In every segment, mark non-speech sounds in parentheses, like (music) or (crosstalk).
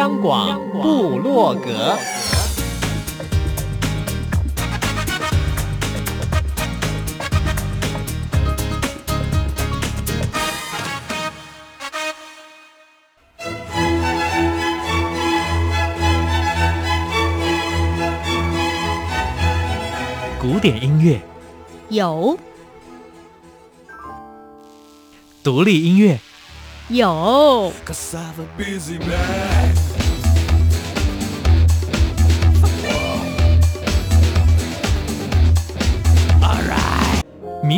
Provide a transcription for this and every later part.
香港部落格，古典音樂有，獨立音樂有，有。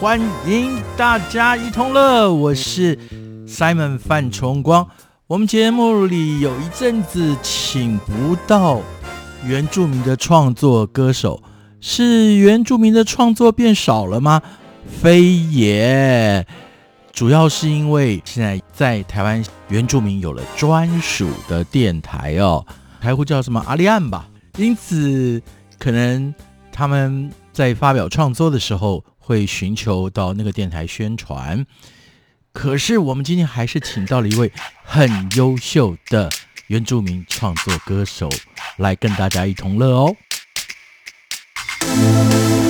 歡迎大家一同樂，我是 Simon 范崇光。我們節目裡有一陣子請不到原住民的創作歌手，是原住民的創作變少了嗎？非也，主要是因為現在在台灣原住民有了專屬的電台哦，台呼叫什麼阿利安吧，因此可能他們在發表創作的時候。會尋求到那個電台宣傳，可是我們今天還是請到了一位很優秀的原住民創作歌手來跟大家一同樂哦。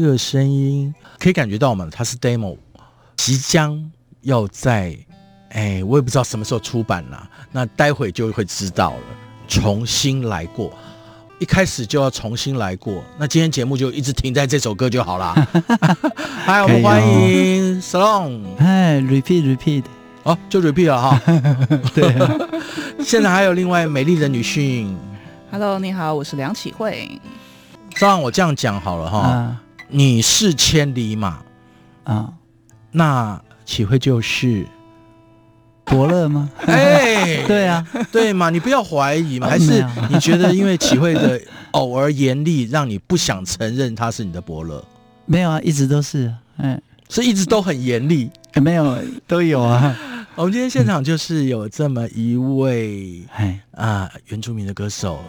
這個聲音可以感覺到嗎？它是 demo，即將要在哎，我也不知道什麼時候出版了，那待會就會知道了。重新來過，一開始就要重新來過。那今天節目就一直停在這首歌就好了。嗨、 (laughs) 哦，我們歡迎少浪。哎，repeat，repeat，哦、啊，就 repeat 了哈。 (laughs) 對。 (laughs) 現在還有另外美麗的女性。Hello，你好，我是梁啟慧。照我這樣講好了哈。啊你是千里馬啊，那啟慧就是伯樂嗎？哎， (laughs) 對啊， (laughs) 對嘛，你不要懷疑嘛，啊、還是你覺得因為啟慧的偶爾嚴厲、啊，讓你不想承認他是你的伯樂？沒有啊，一直都是，嗯、哎，是一直都很嚴厲，嗯、沒有 (laughs) 都有啊、嗯。我們今天現場就是有這麼一位哎、嗯、啊原住民的歌手，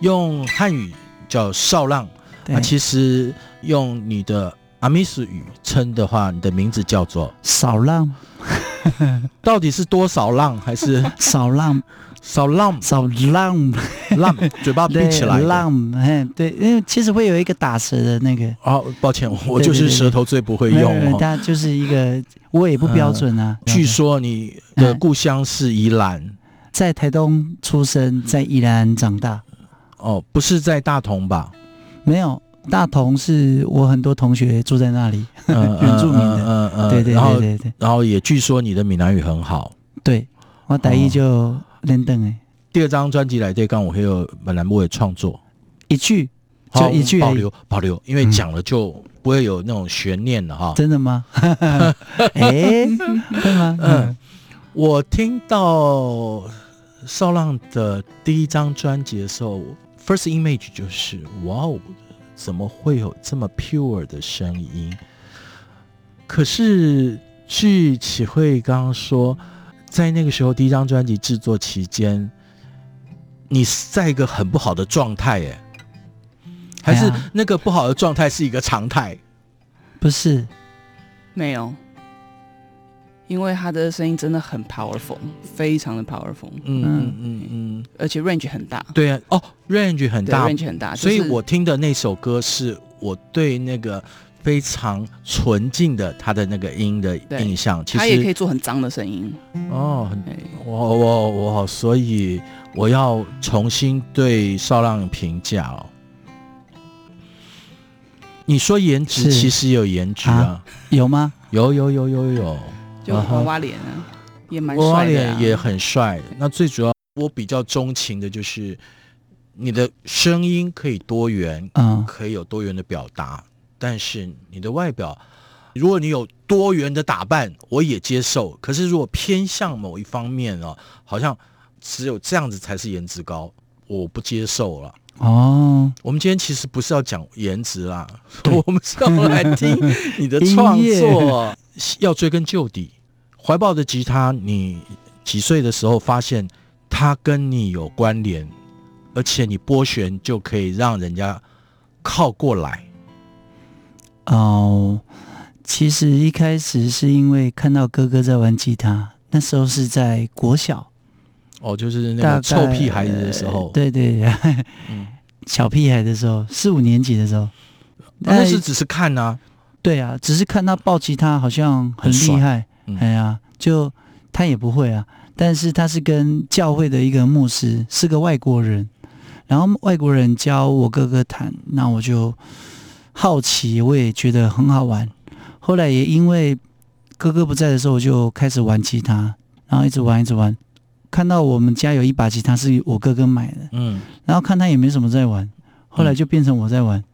用漢語叫少浪。啊、其實用你的阿美斯語稱的話，你的名字叫做少浪， (laughs) 到底是多少浪還是少浪？少浪？少浪？少浪， (laughs) 浪？嘴巴嘟起來？浪？哎，對，因為其實會有一個打舌的那個。哦，抱歉，我就是舌頭最不會用，大、哦嗯、就是一個我也不標準啊。嗯、據說你的故鄉是宜蘭、嗯，在台東出生，在宜蘭長大、嗯。哦，不是在大同吧？沒有，大同是我很多同學住在那裡，原、嗯、 (laughs) 住民的、嗯嗯嗯，對對對對對，對然。然後也據說你的閩南語很好，對，我大一就練登哎。第二張專輯來對剛，我還有本欄目的創作，一句就一句保留保留，因為講了就不會有那種懸念了哈、嗯哦。真的嗎？哎、 (laughs) 欸，真 (laughs) 的 (laughs) 嗎嗯？嗯，我聽到少浪的第一張專輯的時候。First image 就是，哇哦，怎麼會有這麼 pure 的聲音？可是據啟慧剛剛說，在那個時候第一張專輯製作期間，你在一個很不好的狀態，耶，還是那個不好的狀態是一個常態，哎？不是，沒有。因為他的聲音真的很 powerful，非常的 powerful，嗯嗯嗯，嗯，而且 range 很大。對啊，哦，range 很大，range 很大。所以，我聽的那首歌是我對那個非常純淨的他的那個音的印象。其實他也可以做很髒的聲音。哦，很，我我我，所以我要重新對少浪評價哦。你說顏值，其實有顏值啊？啊 (laughs) 有嗎？有有有有有。有有有娃娃臉、uh -huh、啊，也蠻帥的，娃娃臉也很帥。Okay. 那最主要我比較鍾情的就是你的聲音可以多元，嗯、uh.，可以有多元的表達。但是你的外表，如果你有多元的打扮，我也接受。可是如果偏向某一方面哦，好像只有這樣子才是顏值高，我不接受了哦。Uh. 我們今天其實不是要講顏值啦，我們是要來聽你的創作， (laughs) 要追根究底。懷抱的吉他，你幾歲的時候發現它跟你有關聯，而且你撥弦就可以讓人家靠過來？哦，其實一開始是因為看到哥哥在玩吉他，那時候是在國小，哦，就是那個臭屁孩子的時候，呃、對對對、啊，小屁孩的時候，四五年級的時候，但是只是看啊，對啊，只是看他抱吉他好像很厲害。嗯、哎呀，就他也不會啊，但是他是跟教會的一個牧師，是個外國人，然後外國人教我哥哥彈，那我就好奇，我也覺得很好玩。後來也因為哥哥不在的時候，我就開始玩吉他，然後一直玩，嗯，一直玩。看到我們家有一把吉他是我哥哥買的，嗯，然後看他也沒什麼在玩，後來就變成我在玩，嗯，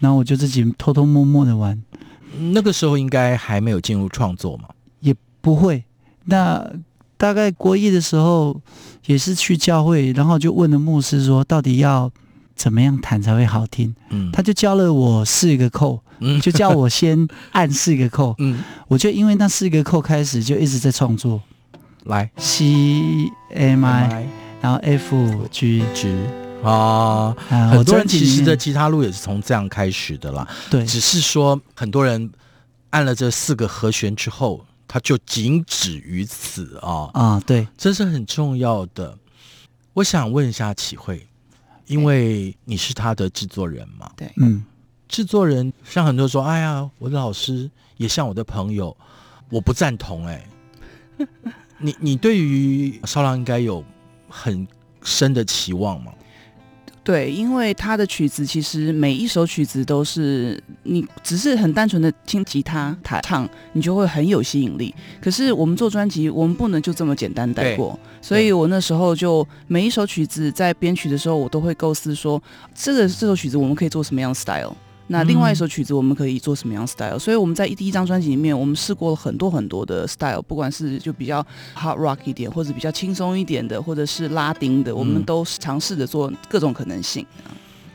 然後我就自己偷偷摸摸的玩。那個時候應該還沒有進入創作嘛？不會，那大概國一的時候也是去教會，然後就問了牧師說，到底要怎麼樣彈才會好聽？嗯，他就教了我四個扣，嗯，就叫我先按四個扣，嗯，我就因為那四個扣開始就一直在創作，來 C M I，然後 F G G 啊，很多人其實的吉他路也是從這樣開始的啦，對，只是說很多人按了這四個和弦之後。他就僅止於此啊！啊，對，這是很重要的。我想問一下啟慧，因為你是他的制作人嘛？對，嗯，制作人像很多說，哎呀，我的老師也像我的朋友，我不贊同、欸。哎， (laughs) 你你對於少浪應該有很深的期望嗎？對，因為他的曲子其實每一首曲子都是你，只是很單純的聽吉他彈唱，你就會很有吸引力。可是我們做專輯，我們不能就這麼簡單帶過。所以我那時候就每一首曲子在編曲的時候，我都會構思說，這個這首曲子我們可以做什麼樣的 style。那另外一首曲子我們可以做什麼樣 style？、嗯、所以我們在一第一張專輯裡面，我們試過了很多很多的 style，不管是就比較 hard rock 一點，或者比較輕鬆一點的，或者是拉丁的，嗯、我們都嘗試着做各種可能性。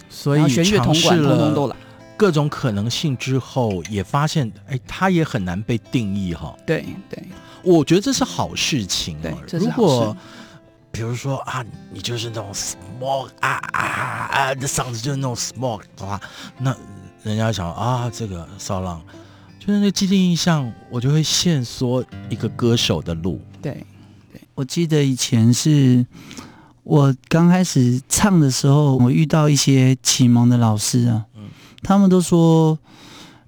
所以，弦樂銅管通通都來，各種可能性之後也發現，哎，它也很難被定義哈。對對，我覺得這是好事情啊。對、如果比如說啊，你就是那種 smoke 啊啊啊的、啊、嗓子，就是那種 smoke 的、啊、話，那人家想啊，這個少浪，就是那既定印象，我就會限縮一個歌手的路。對，對，我記得以前是我剛開始唱的時候，我遇到一些啟蒙的老師啊，嗯，他們都說，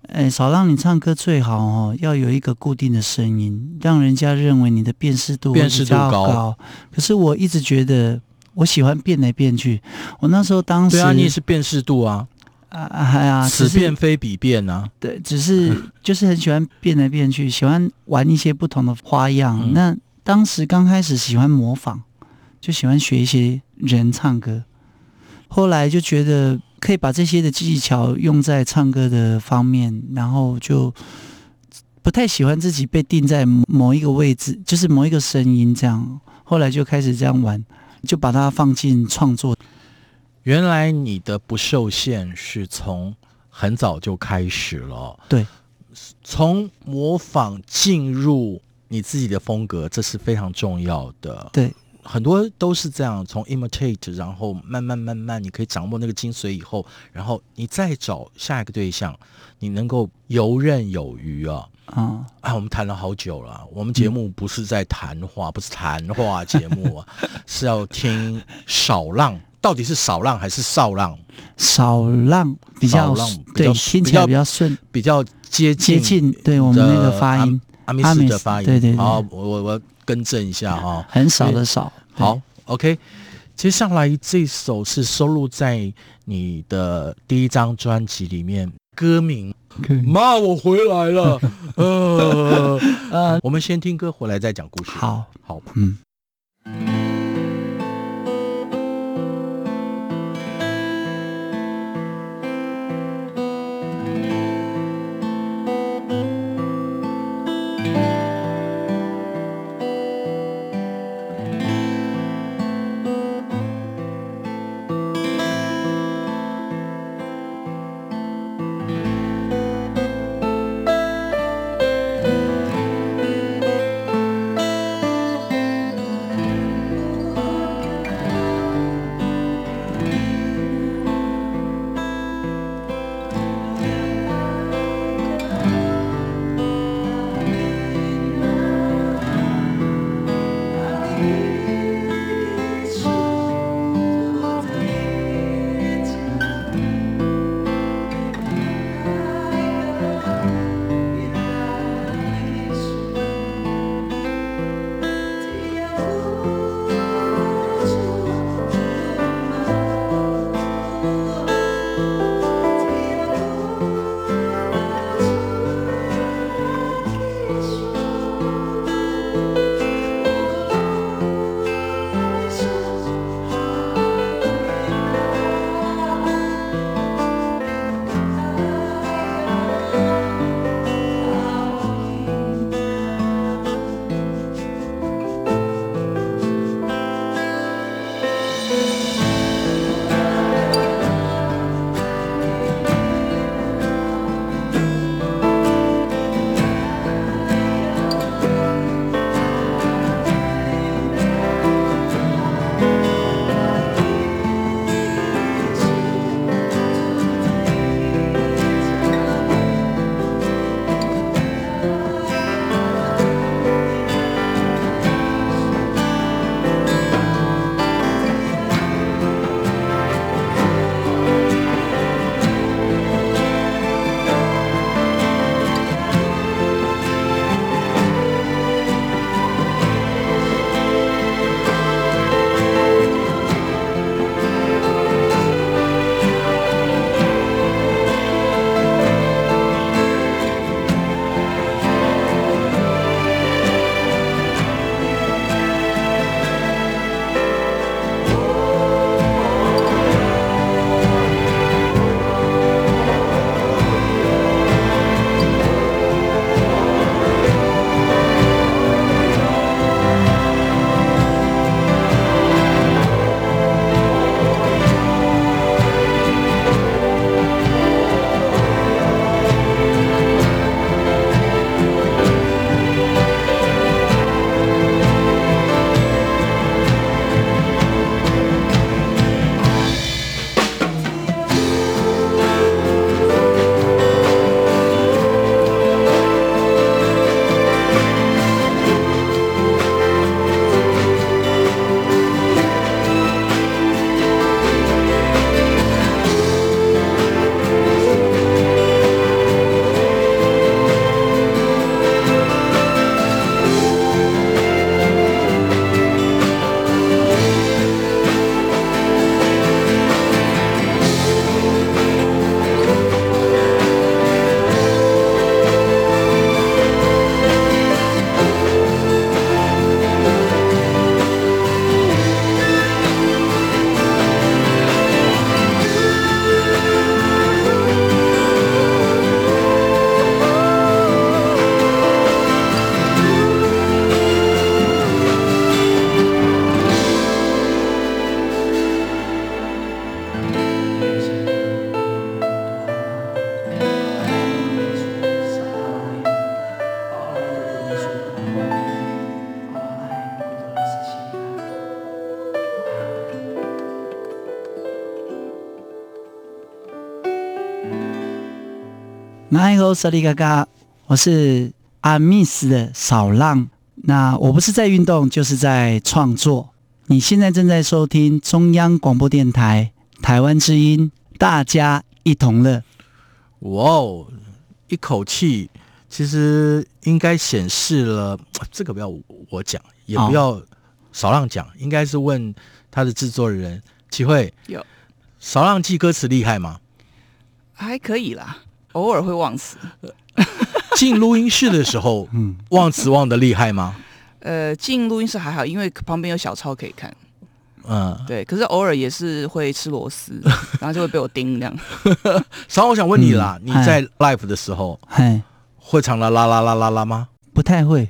哎，少浪，你唱歌最好哦，要有一個固定的聲音，讓人家認為你的辨識度比較高，辨識度高。可是我一直覺得，我喜歡變來變去。我那時候當時對啊，你也是辨識度啊。啊，還、哎、啊，此變非彼變呢、啊。對，只是就是很喜歡變來變去，喜歡玩一些不同的花樣。嗯、那當時剛開始喜歡模仿，就喜歡學一些人唱歌。後來就覺得可以把這些的技巧用在唱歌的方面，然後就不太喜歡自己被定在某一個位置，就是某一個聲音這樣。後來就開始這樣玩，就把它放進創作。原來你的不受限是從很早就開始了，對，從模仿進入你自己的風格，這是非常重要的。對，很多都是這樣，從 imitate，然後慢慢慢慢，你可以掌握那個精髓以後，然後你再找下一個對象，你能夠游刃有餘啊。嗯、啊，我們談了好久了，我們節目不是在談話，嗯、不是談話節目啊， (laughs) 是要聽少浪。到底是少浪還是少浪？少浪比較，比較對，聽起來比較順，比較接接近的對我們那個發音、啊、阿彌斯，阿米斯的發音。對對，對，好，我我，我更正一下哈、哦。很少的少。好，OK。接下來這首是收錄在你的第一張專輯裡面，歌名《媽，我回來了。》 (laughs) 呃呃， (laughs) 我們先聽歌回來再講故事。好，好，嗯。我是阿美斯的少浪。那我不是在運動，就是在創作。你現在正在收聽中央廣播電台《台灣之音》，大家一同樂。哇哦！一口氣，其實應該顯示了這個，不要我講，也不要少浪講，應該是問他的制作人啟慧。有少浪記歌詞厲害嗎？還可以啦。偶爾會忘詞。進 (laughs) 錄音室的時候， (laughs) 嗯，忘詞忘得厲害嗎？呃，進錄音室還好，因為旁邊有小抄可以看。嗯，對。可是偶爾也是會吃螺絲，然後就會被我盯這樣。然後我想問,問你啦、嗯，你在 live 的時候，嗯、會唱啦啦啦啦啦啦嗎？不太會。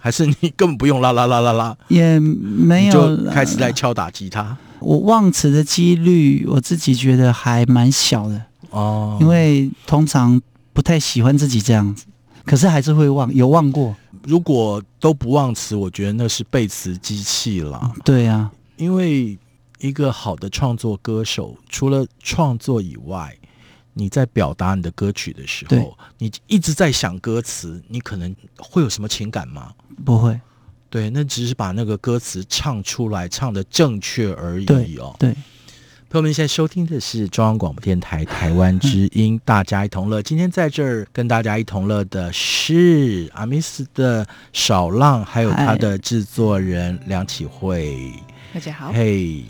還是你根本不用啦啦啦啦啦？也沒有，就開始在敲打吉他。我忘詞的幾率，我自己覺得還蠻小的。哦、嗯，因為通常不太喜歡自己這樣子，可是還是會忘，有忘過。如果都不忘詞，我覺得那是背詞機器了，嗯。對呀、啊，因為一個好的創作歌手，除了創作以外，你在表達你的歌曲的時候，你一直在想歌詞，你可能會有什麼情感嗎？不會。對，那只是把那個歌詞唱出來，唱得正確而已。哦，對。對朋友們現在收聽的是中央廣播電臺臺灣之音，大家一同樂。 (laughs) 今天在這兒跟大家一同樂的是阿米斯的少浪，還有他的製作人梁啟慧。大家好，嘿，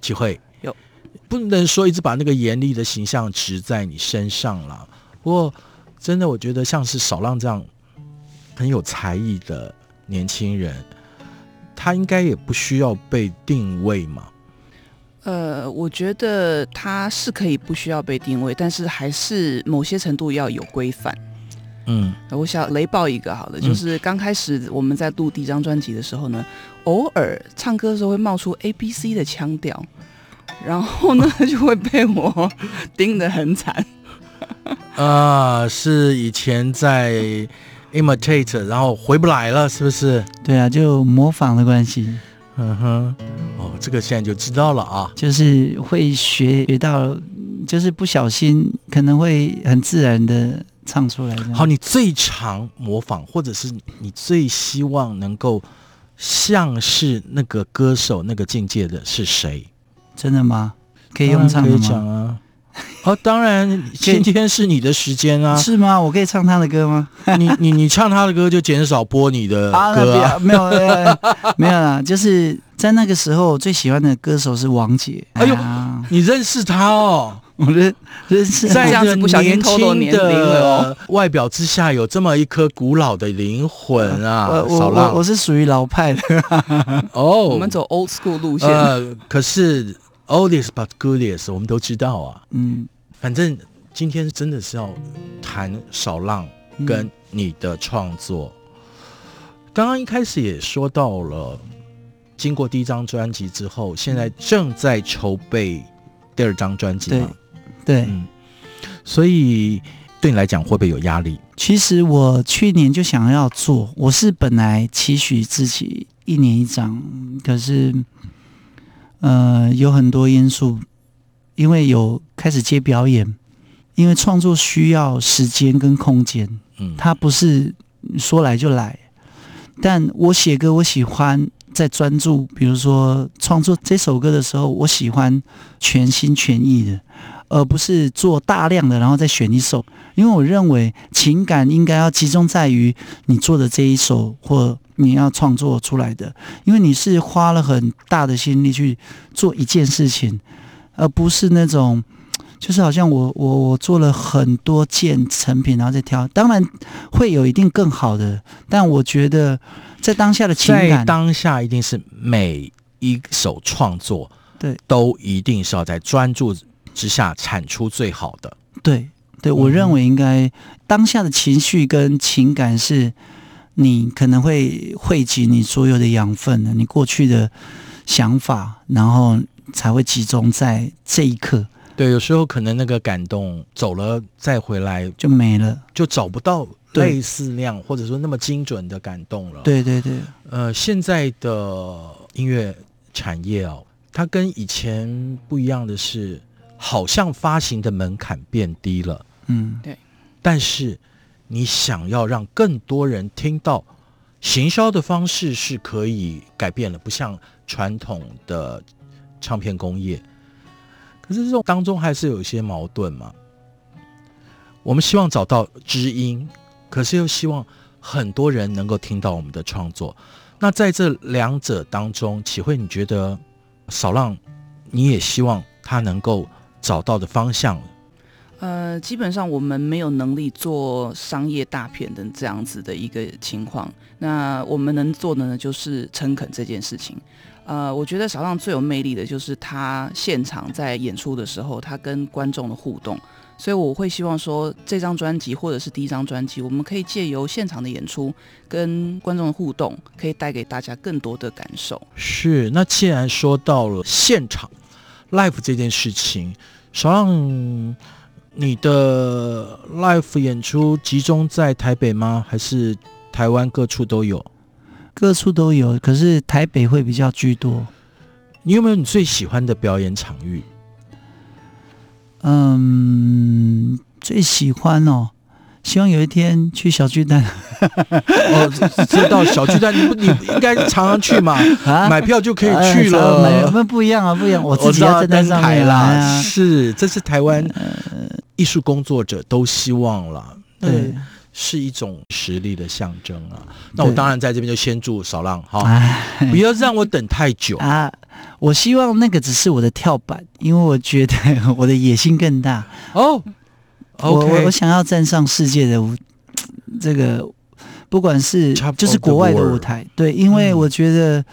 啟慧，有不能說一直把那個嚴厲的形象植在你身上了。不過真的，我覺得像是少浪這樣很有才藝的年輕人，他應該也不需要被定位嘛。呃，我覺得它是可以不需要被定位，但是還是某些程度要有規範。嗯，我想雷爆一個好的，就是剛開始我們在錄第一張專輯的時候呢，偶爾唱歌的時候會冒出 A B C 的腔調，然後呢就會被我盯得很慘。啊、 (laughs) 呃，是以前在 imitate，然後回不來了，是不是？對啊，就模仿的關係。嗯哼，哦，這個現在就知道了啊，就是會學學到，就是不小心可能會很自然的唱出來。好，你最常模仿，或者是你最希望能夠像是那個歌手那個境界的是誰？真的嗎？可以用唱歌講啊。哦，當然，今天是你的時間啊。是嗎？我可以唱他的歌嗎？ (laughs) 你你你唱他的歌就減少播你的歌，啊啊，沒有沒有啦，就是在那個時候，我最喜歡的歌手是王傑。哎呦，啊、你認識他哦？我認認識。在這樣年輕的外表之下，有這麼一顆古老的靈魂啊！啊呃、我我，我是屬於老派的哦、啊， (laughs) oh, 我們走 old school 路線。呃、可是 oldest but goodest，我們都知道啊。嗯。反正今天真的是要談少浪跟你的創作。剛、嗯、剛一開始也說到了，經過第一張專輯之後，現在正在籌備第二張專輯嘛？對，對嗯、所以對你來講會不會有壓力？其實我去年就想要做，我是本來期許自己一年一張，可是呃有很多因素，因為有。開始接表演，因為創作需要時間跟空間，它不是說來就來。但我寫歌，我喜歡在專注，比如說創作這首歌的時候，我喜歡全心全意的，而不是做大量的，然後再選一首。因為我認為情感應該要集中在於你做的這一首或你要創作出來的，因為你是花了很大的心力去做一件事情，而不是那種。就是好像我我我做了很多件成品，然後再挑，當然會有一定更好的，但我覺得在當下的情感，在當下一定是每一首創作對，都一定是要在專注之下產出最好的。對對，我認為應該、嗯、當下的情緒跟情感是你可能會匯集你所有的養分的，你過去的想法，然後才會集中在這一刻。對，有時候可能那個感動走了再回來就沒了，哦，就找不到類似那樣或者說那麼精準的感動了。對對對。呃，現在的音樂產業哦，它跟以前不一樣的是，好像發行的門檻變低了。嗯，對。但是你想要讓更多人聽到，行銷的方式是可以改變了，不像傳統的唱片工業。可是這種當中還是有一些矛盾嘛。我們希望找到知音，可是又希望很多人能夠聽到我們的創作。那在這兩者當中，啟慧你覺得少浪你也希望他能夠找到的方向？呃，基本上我們沒有能力做商業大片的這樣子的一個情況。那我們能做的呢，就是誠懇這件事情。呃，我覺得少浪最有魅力的就是他現場在演出的時候，他跟觀眾的互動，所以我會希望說，這張專輯或者是第一張專輯，我們可以借由現場的演出跟觀眾的互動，可以帶給大家更多的感受。是，那既然說到了現場 live 這件事情，少浪你的 live 演出集中在台北嗎？還是台灣各處都有？各處都有，可是台北會比較居多。你有沒有你最喜歡的表演場域？嗯，最喜歡哦，希望有一天去小巨蛋。 (laughs) 哦， (laughs) 知道小巨蛋，你不你，你應該常常去嘛、啊？買票就可以去了。我、啊、們、啊啊啊啊啊啊啊、不一樣啊，不一樣。我知道、啊，登台啦、哎，是，這是台灣藝術工作者都希望了、嗯，對。是一種實力的象徵啊！那我當然在這邊就先祝少浪哈，不要讓我等太久啊！我希望那個只是我的跳板，因為我覺得我的野心更大哦。Oh, okay. 我我想要站上世界的舞，這個，不管是就是國外的舞台，對，因為我覺得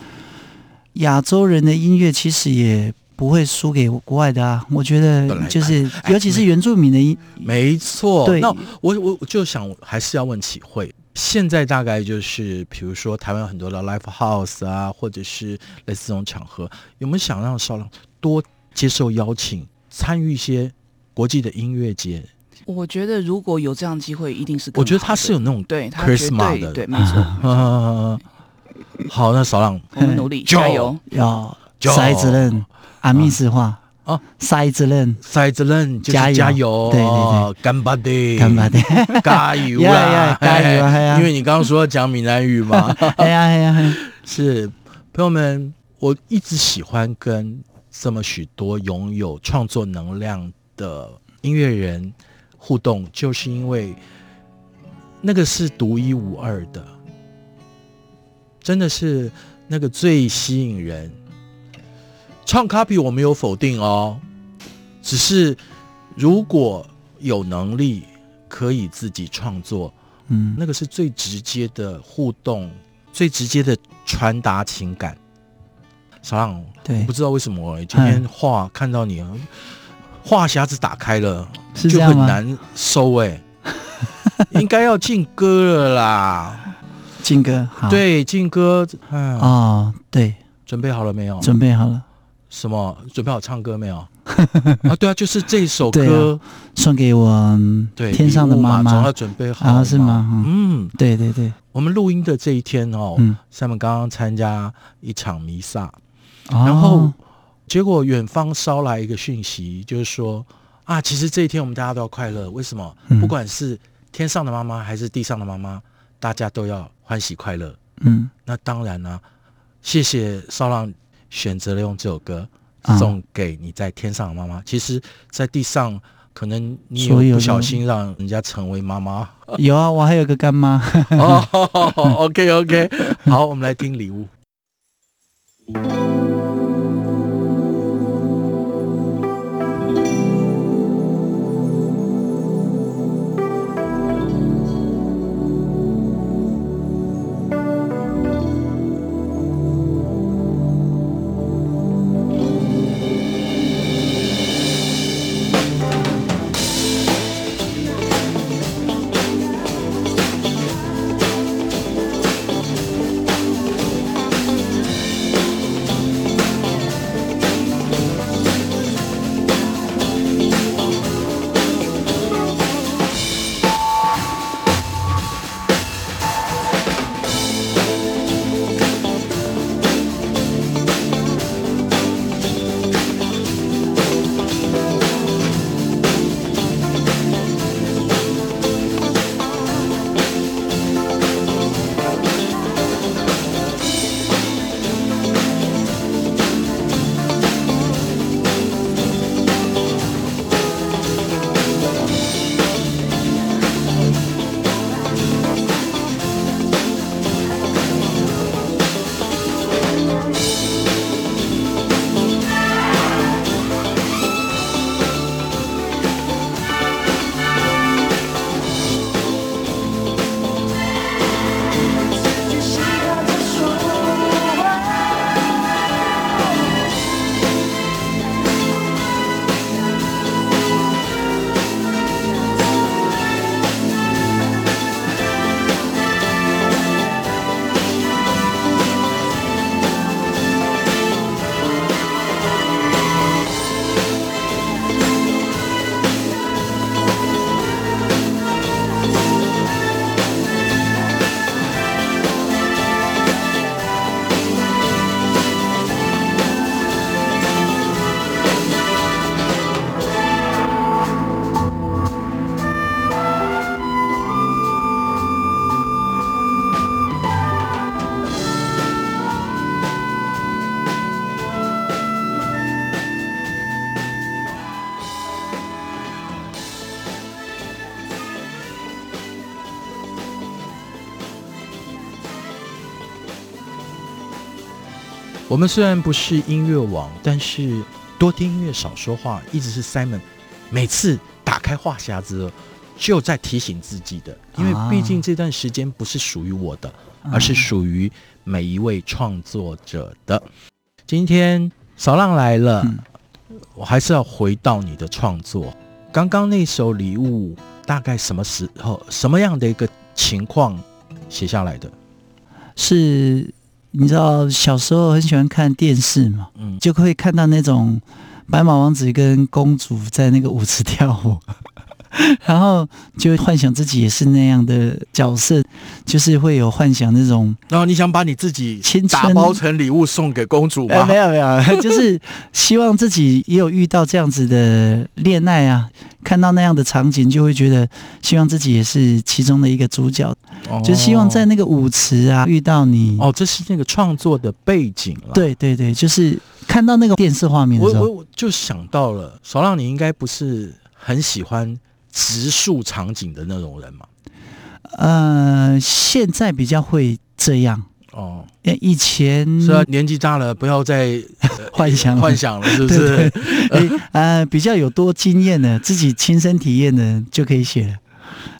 亞洲人的音樂其實也。不會輸給國外的啊！我覺得就是，尤其是原住民的音。沒錯。對。那我我就想，還是要問啟慧。現在大概就是，比如說台灣很多的 live house 啊，或者是類似這種場合，有沒有想讓少浪多接受邀請，參與一些國際的音樂節？我覺得如果有這樣的機會，一定是我覺得他是有那種 charisma 的，對，他 a 對對，對沒錯、嗯。好，那少浪， (laughs) 我們努力加油，要再阿密斯話哦，塞子倫，塞子倫，加油，加油，對，乾巴爹，乾巴爹，巴 (laughs) 加油啊、 (laughs) yeah, yeah, 加油，哎呀，加油，因為你剛剛說講閩南語嘛，哎 (laughs) 呀， (laughs) (laughs) 哎呀，是朋友們，我一直喜歡跟這麼許多擁有創作能量的音樂人互動，就是因為那個是獨一無二的，真的是那個最吸引人。唱 copy 我沒有否定哦，只是如果有能力可以自己創作，嗯，那個是最直接的互動，最直接的傳達情感。少浪，對，不知道為什麼今天話、嗯、看到你話匣子打開了，是就很難收哎， (laughs) (laughs) 應該要進歌了啦，進歌好，對，進歌嗯啊、哦，對，準備好了沒有？準備好了。什麼準備好唱歌沒有？ (laughs) 啊，對啊，就是這首歌，啊、送給我、嗯、對天上的媽媽，總要準備好、啊、是嗎、哦？嗯，對對對。我們錄音的這一天哦，上面剛剛參加一場彌撒，哦、然後結果遠方捎來一個訊息，就是說啊，其實這一天我們大家都要快樂。為什麼、嗯？不管是天上的媽媽還是地上的媽媽，大家都要歡喜快樂。嗯，那當然了、啊，謝謝少浪。選擇了用這首歌送給你在天上的媽媽。嗯，其實，在地上，可能你有不小心讓人家成為媽媽。有啊，我還有個乾媽。哦、 (laughs) Oh，OK，OK，okay, okay. (laughs) 好，我們來聽禮物。我們雖然不是音樂網，但是多聽音樂、少說話，一直是 Simon。每次打開話匣子，就在提醒自己的，因為畢竟這段時間不是屬於我的，而是屬於每一位創作者的。今天少浪來了、嗯，我還是要回到你的創作。剛剛那首禮物，大概什麼時候、什麼樣的一個情況寫下來的？是。你知道，小時候很喜歡看電視嘛？就，嗯，就會看到那種白馬王子跟公主在那個舞池跳舞。 (laughs) 然後就會幻想自己也是那樣的角色，就是會有幻想那種。然後你想把你自己青春打包成禮物送給公主嗎？沒有沒有，就是希望自己也有遇到這樣子的戀愛啊，看到那樣的場景就會覺得，希望自己也是其中的一個主角，哦、就是，希望在那個舞池啊遇到你。哦，這是那個創作的背景。對對對，就是看到那個電視畫面的時候，我我，我就想到了。少浪，你應該不是很喜歡直述場景的那種人嘛？呃，現在比較會這樣哦。哎，以前然、啊、年紀大了，不要再幻想 (laughs) 幻想了，呃、 (laughs) 幻想了是不是？哎， (laughs) 呃，比較有多經驗的，自己親身體驗的就可以寫了。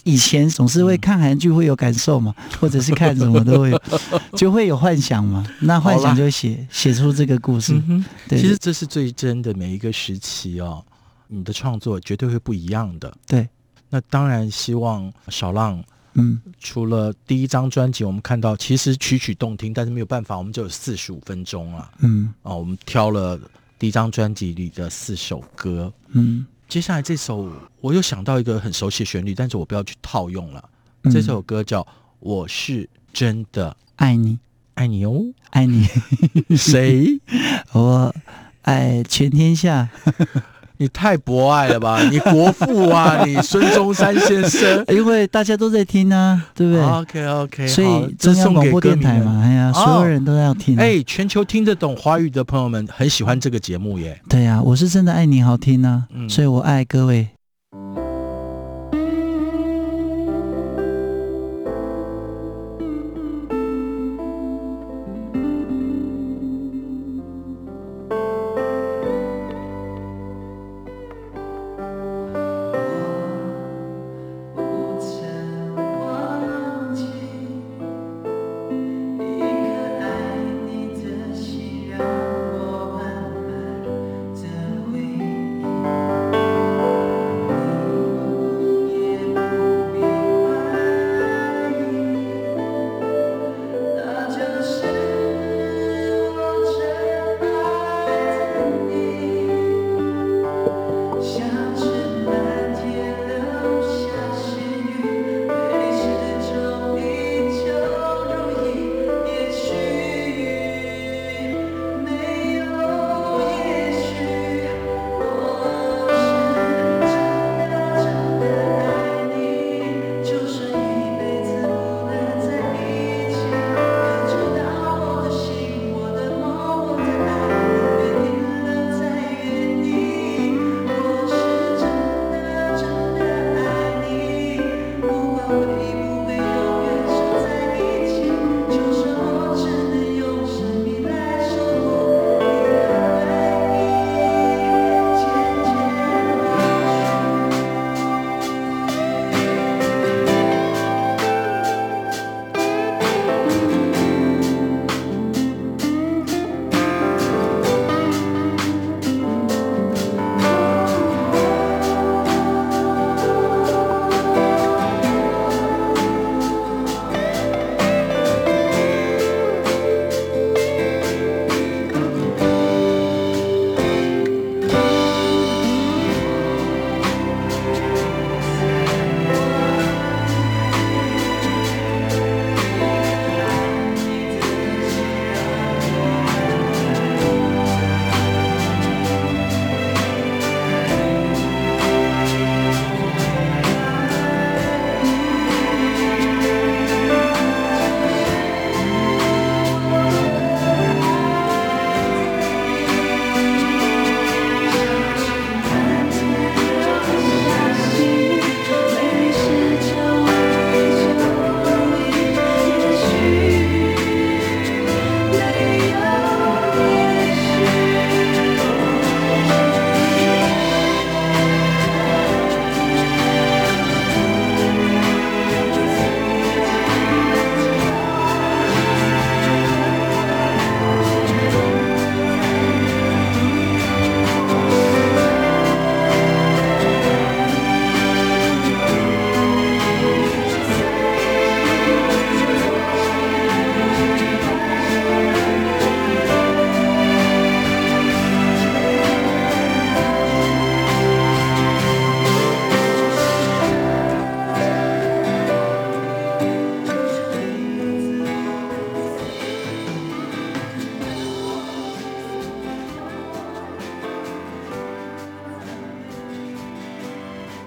以前總是會看韓劇會有感受嘛，嗯、或者是看什麼都會 (laughs) 就會有幻想嘛。那幻想就寫寫出這個故事、嗯。其實這是最真的每一個時期哦。你的創作絕對會不一樣的。對，那當然希望小浪，嗯，除了第一張專輯，我們看到其實曲曲動聽，但是沒有辦法，我們只有四十五分鐘啊，嗯，啊，我們挑了第一張專輯裡的四首歌，嗯，接下來這首我又想到一個很熟悉的旋律，但是我不要去套用了。嗯，這首歌叫《我是真的愛你，愛你哦，愛你，》 (laughs) 誰？我愛全天下。 (laughs) 你太博愛了吧！你國父啊， (laughs) 你孫中山先生，因為大家都在聽啊，對不對？OK OK，所以中央廣播電台嘛，哎呀、啊，所有人都要聽。哎、哦欸，全球聽得懂華語的朋友們很喜歡這個節目耶。對呀、啊，我是真的愛你，好聽啊，所以我愛各位。嗯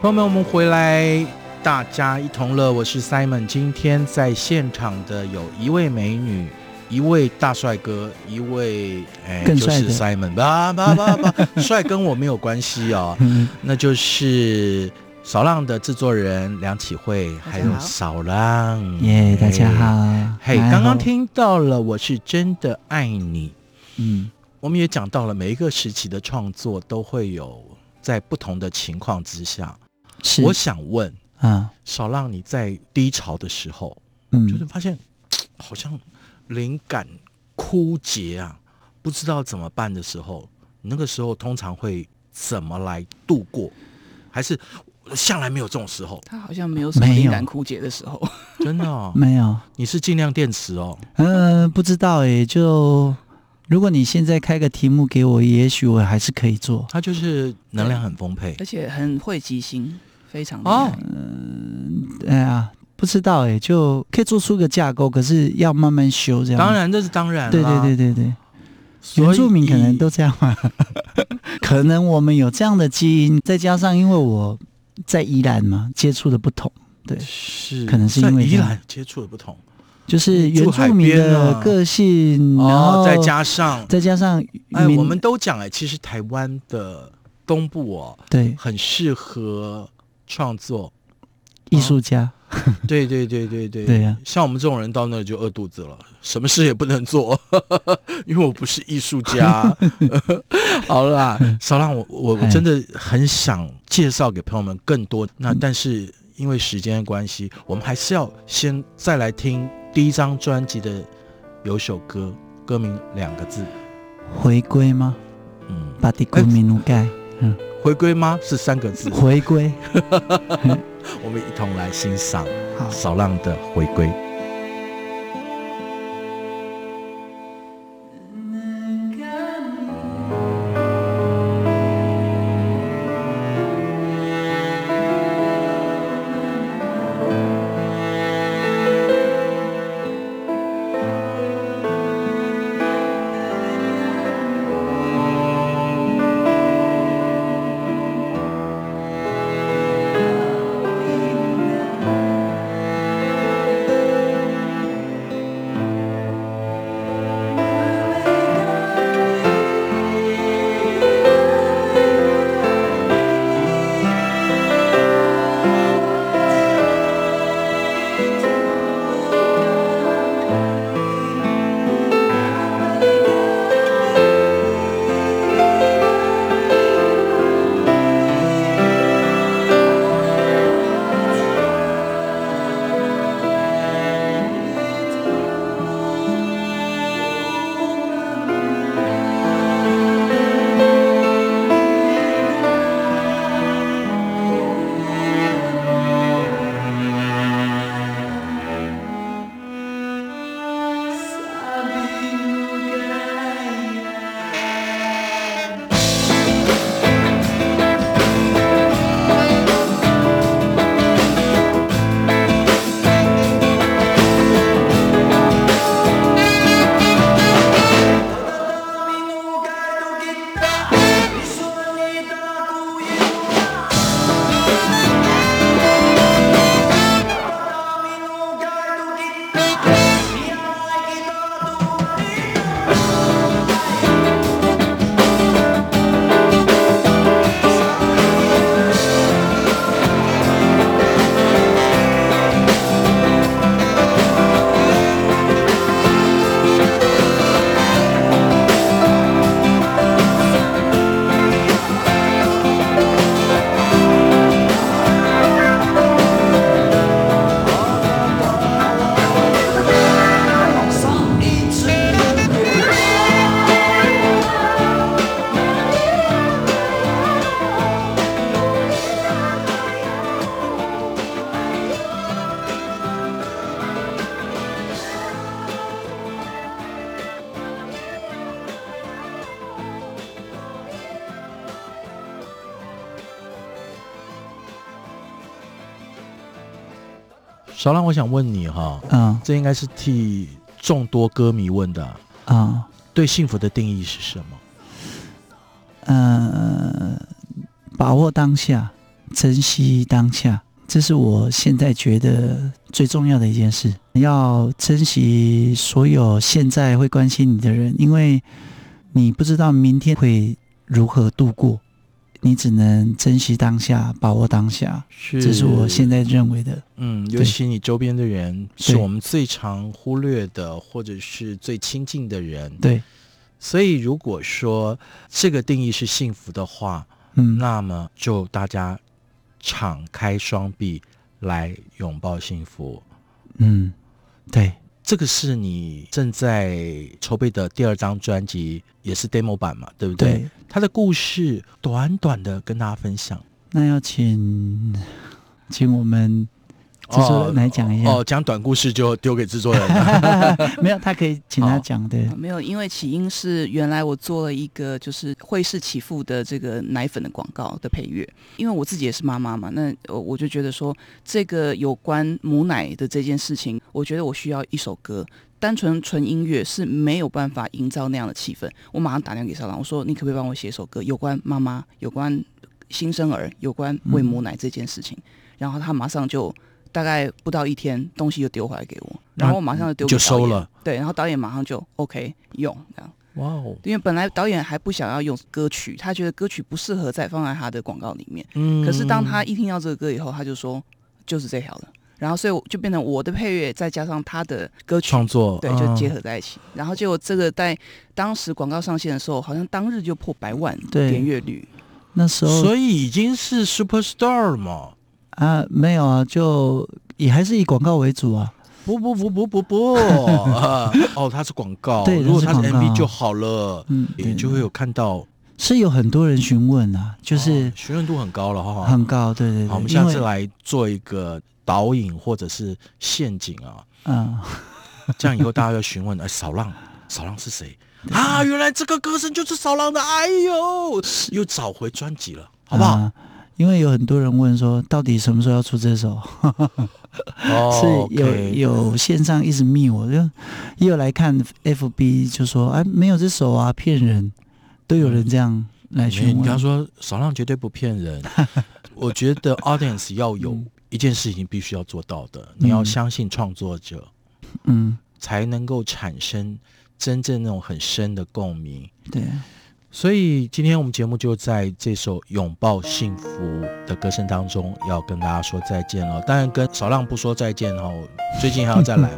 朋友們，我們回來，大家一同樂。我是 Simon，今天在現場的有一位美女，一位大帥哥，一位，哎、欸，更帥的、就是 Simon，不不不不，帥 (laughs) 跟我沒有關係哦， (laughs) 那就是少浪的製作人梁啟慧、嗯，還有少浪、okay，耶，欸、yeah, 大家好，嘿、欸，Hi, 剛剛聽到了，我是真的愛你，嗯，我們也講到了每一個時期的創作都會有在不同的情況之下。我想問啊，少浪，你在低潮的時候，嗯，就是發現好像靈感枯竭啊，不知道怎麼辦的時候，那個時候通常會怎麼來度過？還是向來沒有這種時候？他好像沒有什麼靈感枯竭的時候， (laughs) 真的、哦、沒有？你是盡量電池哦？嗯、呃，不知道哎、欸，就如果你現在開個題目給我，也許我還是可以做。他就是能量很豐沛，而且很會即興，非常哦，哎、嗯、呀、啊，不知道哎、欸，就可以做出個架構，可是要慢慢修這樣。當然，這是當然。對對對對對，原住民可能都這樣嘛。 (laughs) (laughs) 可能我們有這樣的基因，再加上因為我在宜蘭嘛，接觸的不同，對，是，可能是因為在宜蘭接觸的不同，就是原住民的個性，啊、然後再加上、哦、再加上哎，我們都講哎、欸，其實台灣的東部哦，對，很適合。創作，藝術家，嗯、 (laughs) 對對對對對對呀、啊！像我們這種人到那兒就餓肚子了，什麼事也不能做，呵呵呵，因為我不是藝術家。 (laughs) (laughs) 好了啦，少 (laughs) 浪，我我真的很想介紹給朋友們更多，那但是因為時間的關係、嗯，我們還是要先再來聽第一張專輯的有首歌，歌名兩個字，回歸嗎？嗯，巴迪昆米努蓋。嗯。回歸嗎？是三個字，回歸。 (laughs) 我們一同來欣賞好，少浪的回歸。少浪，我想問你哈、哦，嗯，這應該是替眾多歌迷問的啊。嗯、對幸福的定義是什麼？嗯、呃，把握當下，珍惜當下，這是我現在覺得最重要的一件事。要珍惜所有現在會關心你的人，因為你不知道明天會如何度過。你只能珍惜當下，把握當下，是，這是我現在認為的。嗯，尤其你周邊的人，是我們最常忽略的，或者是最親近的人。對，所以如果說這個定義是幸福的話，嗯，那麼就大家敞開雙臂來擁抱幸福。嗯，對。這個是你正在籌備的第二張專輯，也是 demo 版嘛，對不對？對。它的故事，短短的跟大家分享。那要請，請我們。哦，講、哦哦、短故事就丟給製作人。 (laughs) 沒有，他可以請他講的、哦。沒有，因為起因是原來我做了一個就是惠氏啟賦的這個奶粉的廣告的配樂，因為我自己也是媽媽嘛，那我我就覺得說這個有關母奶的這件事情，我覺得我需要一首歌，單純純音樂是沒有辦法營造那樣的氣氛。我馬上打電話給少浪，我說你可不可以幫我寫一首歌，有關媽媽，有關新生兒，有關餵母奶這件事情。嗯、然後他馬上就。大概不到一天，東西就丟回來給我，然後我馬上就丟、啊、就收了，對，然後導演馬上就 OK 用這樣。哇、wow, 哦！因為本來導演還不想要用歌曲，他覺得歌曲不適合再放在他的廣告裡面。嗯。可是當他一聽到這個歌以後，他就說：“就是這條了。”然後所以我就變成我的配樂，再加上他的歌曲創作，對，就結合在一起、啊。然後結果這個在當時廣告上線的時候，好像當日就破百萬點閱率對。那時候，所以已經是 super star 了嘛。啊，沒有啊，就也還是以廣告為主啊。不不不不不不， (laughs) 哦，他是廣告。對，如果他是 MV 就好了，嗯，你就會有看到。是有很多人詢問啊，就是、哦、詢問度很高了哈、哈。很高，對對、對。好，我們下次來做一個導引或者是陷阱啊。嗯。這樣以後大家要詢問， (laughs) 哎，少浪，少浪是誰啊？原來這個歌聲就是少浪的。哎呦，又找回專輯了，好不好？啊因為有很多人問說，到底什麼時候要出這首？ (laughs) oh, okay, 是有有線上一直密我，就又來看 F B，就說哎、啊，沒有這首啊，騙人！都有人這樣來詢問、嗯、欸、你剛說少浪絕對不騙人， (laughs) 我覺得 Audience 要有一件事情必須要做到的、 (laughs) 嗯，你要相信創作者，嗯，才能夠產生真正那種很深的共鳴。對。所以今天我們節目就在這首擁抱幸福的歌聲當中，要跟大家說再見了。當然跟少浪不說再見哈，最近還要再來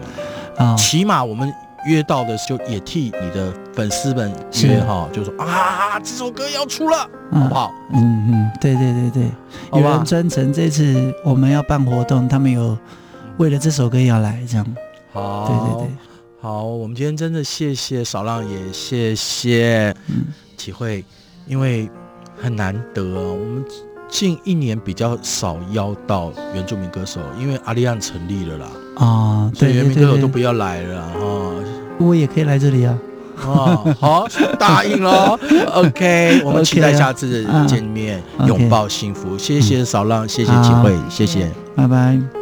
啊， (laughs) 起碼我們約到的就也替你的粉絲們約哈，就說啊，這首歌要出了、嗯，好不好？嗯嗯，對對對對，有人專程這次我們要辦活動，他們有為了這首歌要來，這樣。好，對對對，好，我們今天真的謝謝少浪，也謝謝嗯。體會，因為很難得、哦。我們近一年比較少邀到原住民歌手，因為阿利安成立了啦，啊、哦，所以原住民歌手都不要來了哈、哦。我也可以來這裡啊，哦，好，答應嘍。 (laughs) OK，我們期待下次的見面，擁、okay 啊啊、抱幸福。Okay、謝謝少浪，謝謝機會、嗯啊，謝謝，拜拜。